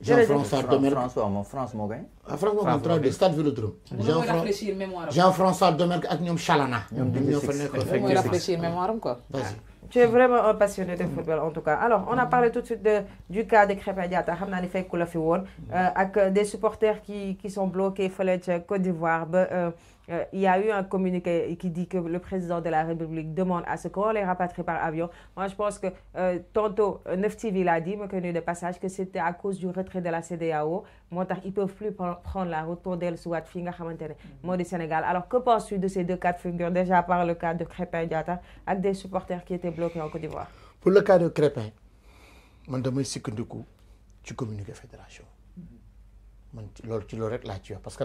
Jean-François Domergue. Jean-François Domergue ah, avec Chalana. Tu es vraiment un passionné de football en tout cas. Alors, on a parlé tout de suite de, du cas de Krépin avec euh, des supporters qui qui sont bloqués Côte d'Ivoire euh, euh, il y a eu un communiqué qui dit que le président de la République demande à ce qu'on les rapatrie par avion. Moi, je pense que euh, tantôt, euh, Nefti TV l'a dit, me connu de passage, que c'était à cause du retrait de la CDAO. ils ne peuvent plus prendre la route pour d'El Souad Finga moi du Sénégal. Alors, que penses-tu de ces deux cas de figure, déjà par le cas de Crépin Diata, avec des supporters qui étaient bloqués en Côte d'Ivoire Pour le cas de Crépin, man damay sukkandiku ci communiqué fédération mm-hmm. man la ci tu rek là, ci parce que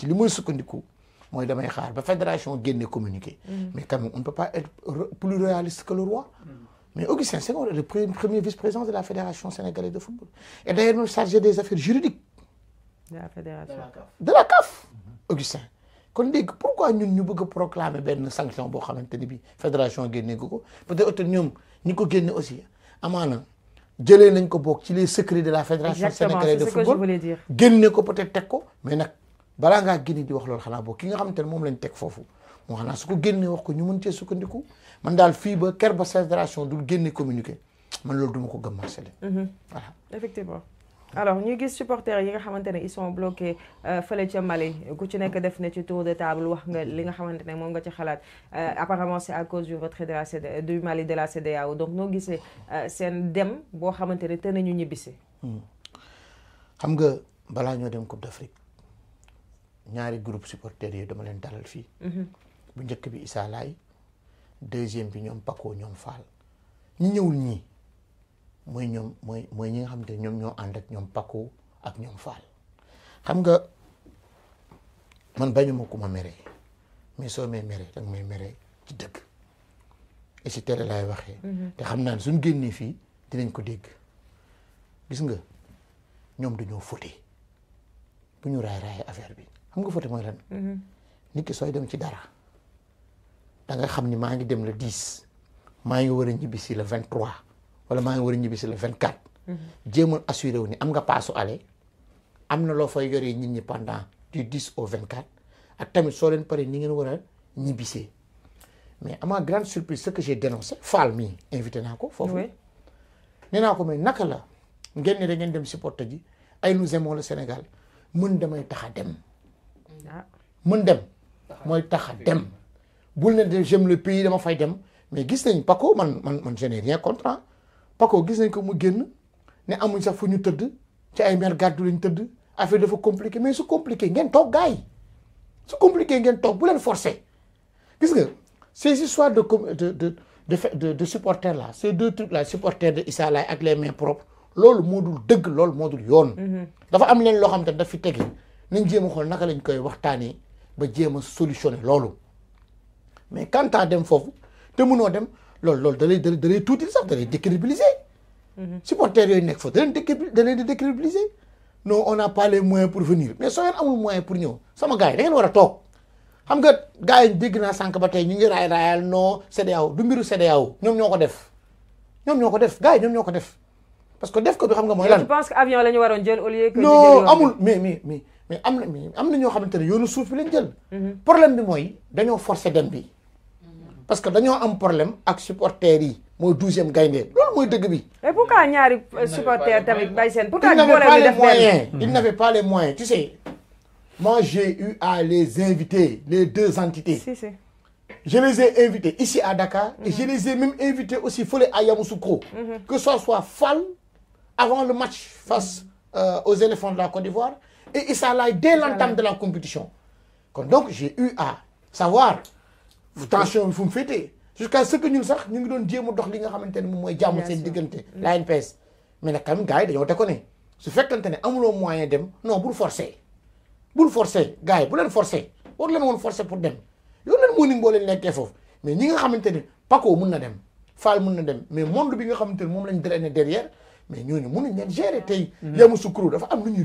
ci li moy sukkandiku moy damay xaar ba fédération génne communiqué. Mm-hmm. mais quand on ne peut pas être plus réaliste que le roi. Mm-hmm. mais Augustin c'est le premier vice-président de la fédération sénégalaise de football et d'ailleurs nous chargé des affaires juridiques. de la fédération de la CAF. Mm-hmm. Augustin qu'on dit pourquoi nous ne bëgg proclamer une sanction pour la fédération génne Gogo, ko peut-être que nous avons aussi Amana, jëlee nañ ko bokk les secrets de la fédération sénégalaise de football génne ko peut-être mais balaa ngaa génne di wax loolu xanaa boo ki nga xamante ne moom lañ teg foofu moo xanaa su ko génnee wax ko ñu mën cee sukkandiku man daal fii ba ker ba fédération du génne communiqué man loolu duma ko gëm Marcelin mhm. voilà effectivement alors ñu gis supporters yi nga xamante ne ils sont bloqués euh, fële ca Mali ku ci nekk def na ci tour de table wax nga li nga xamante ne moom nga ci xalaat euh, apparemment c'est à cause du retrait de la CD du Mali de la CDAO donc noo gisee euh, seen dem boo xamante ne te nañu ñibbisi hmm. xam nga balaa ñoo dem Coupe d'Afrique ñaari groupe supporters yi dama leen dalal fii mhm. bu njëkk bi Issa Laye deuxième bi ñoom Paco ñoom Fall ñi ñëwul ñii mooy ñoom mooy mooy ñi nga xam ne ñoom ñoo ànd ak ñoom Paco ak ñoom Fall xam nga man bañuma ku ma mere mais soo may mere danga may mere ci dëgg et si télé laay waxee mhm. te xam naa suñ génnee fii dinañ ko dégg gis nga ñoom dañoo fóote bu ñu raay raay affaire bi xam nga foote mooy lan. Mm-hmm. nit ki sooy dem ci dara da nga xam ni maa ngi dem le 10 maa ngi war a ñibbi si le 23 wala maa ngi war a ñibbi si le 24 quatre. Mm-hmm. jéemal assuré wu ni am nga paasu allé am na loo fay yoree nit ñi pendant du 10 au 24 ak tamit soo leen paree ni ngeen war a ñibbisee mais ama grande surprise ce que j'ai dénoncé Fall mii invité naa ko. foofu nee naa ko mais naka la ngeen ne da ngeen dem supporter ji ay nous aimons le Sénégal mën damay tax a dem mën dem mooy tax dem ne que j'aime le pays dama fay dem mais gis nañ Paco man man man je n'ai rien contre hein. Paco ko mu ne amuñ fu ñu ci ay mer gàddu lañ affaire compliqué mais c'est compliqué ngeen compliqué ngeen toog nga ces histoires de de de de supporters là ces deux trucs là supporters de Issa l'a les mains propres loolu moo dul mm-hmm. dafa am loo nañ jéem a xool naka lañ koy waxtaanee ba jéem a solutionné loolu mais quand à dem foofu te mënoo dem loolu loolu da lay da lay tuuti sax da lay décrédibiliser. Mhm. supporters yooyu nekk foofu da leen da leen décrédibiliser non on a pas les moyens pour venir mais soo amul moyen pour ñëw sama gars yi da ngeen war a toog xam nga gars yi dégg naa sànq ba tey ñu ngi raay raayal non CEDEAO du mbiru CEDEAO ñoom ñoo ko def ñoom ñoo ko def gars yi ñoom ñoo ko def. parce que def ko bi xam nga mooy lan. je pense que avion la ñu waroon jël au lieu que. non amul mais mais mais mais am na am na ñoo xamante ne yoonu suuf bi lañ jël. problème bi mooy dañoo forcé dem bi. parce que dañoo am problème ak supporters yi. mooy douzième gaynde loolu mooy dëgg bi. mais pourquoi ñaari supporters tamit bay seen. pourquoi ñu boole def benn il n'avait pas les moyens tu sais. moi j'ai eu à les inviter les deux entités. si si. je les ai invités ici à Dakar. et je les ai même invités aussi fële à Yamoussoukro. Mhm. que ce soit Fall avant le match face euh, aux éléphants de la Côte d'Ivoire et ça allait dès l'entame de la compétition. donc j'ai eu à savoir attention, il faut me fêter. jusqu'à ce que nous sax ñu dit que nous dox li nous mooy dit que mm. la NPS mais que nous gars dit que nous su dit moyen dem non nous forcer dit forcer gars yi bu que forcer war dit forcer pour dem que nous ni que nous mais nous, nga dit que Paco dem nous dem monde bi nga nous lañ nous derrière mais que mënuñ gérer y nous mm. dafa am nous nous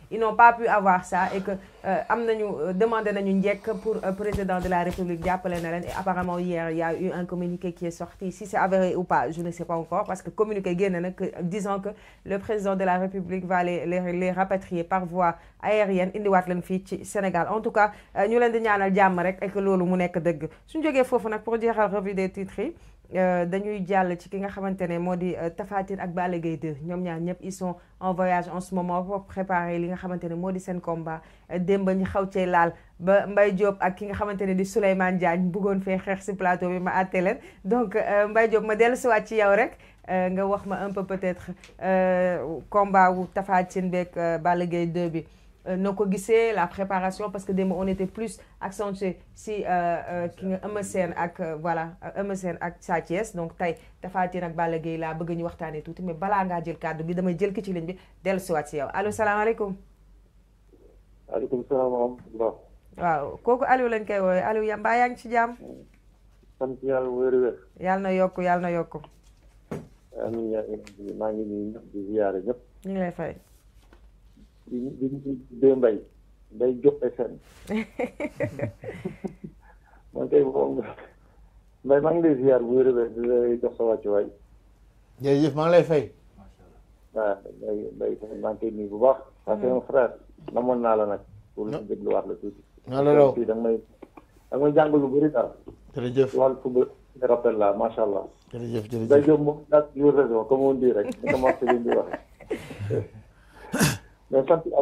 ils n'ont pas pu avoir ça et que euh, am demander euh, demandé nañu njëkk pour euh, président de la République jàppale na et apparemment hier il y a eu un communiqué qui est sorti si c'est avéré ou pas je ne sais pas encore parce que communiqué génn disant que le président de la République va les les les rapatrier par voie aérienne indiwaat leen fii ci Sénégal en tout cas ñu leen di ñaanal jamm rek que lolu mu nek deug suñu joggé fofu nak pour jeexal revue des titres euh, dañuy jàll ci ki nga xamante modi moo di ak Balla Gaye 2 ñaar ñep ils sont en voyage en ce moment pour préparer li nga xamante modi sen combat démb ñu xaw cee laal ba Mbaye Diop ak ki nga xamante ne di Souleymane Diagne bëggoon fee xeex si plateau bi ma àtte leen donc euh, Mbaye Diop ma dellu siwaat ci yow rek euh, nga wax ma un peu peut-être euh, combat wu Tapha Tine beeg Balla Gaye 2 bi noo ko gisee la préparation parce que démb on était plus accentué si ki nga Eumeu Sène ak voilà Eumeu Sène ak Sa Thiès donc tey Tapha ak Balla Gaye laa bëgg ñu waxtaanee tuuti mais balaa ngaa jël kàddu bi damay jël ki ci ligne bi dellu siwaat si yow allo salaamaaleykum aleykum salaam wa rahmatullah waaw kooku Aliou lañ koy woowee Aliou ya mbaa yaa ngi ci jàmm sant yàlla wér wér yàlla na yokku yàlla na yokku amiin yaa ngi maa ngi nuyu ñëpp di ziyaare ñëpp ñu ngi lay fay di di di dee mbay mbay jóg sn man kay moom mbay maa ngi lay ziyaar bu wér wér di lay jox sa wàccuwaay jërëjëf maa ngi lay fay waaw mbay mbay maa ngi koy nuyu bu baax hmm. parce que mon frère namoon naa la nag. pour ñu dégluwaat la tuuti. naa la raw da nga may da nga may jàngal lu bëri daal. jërëjëf wàllu football rappel la macha allah. jërëjëf jërëjëf day jëm moom rek. ni ko Marcelin di waxee. mais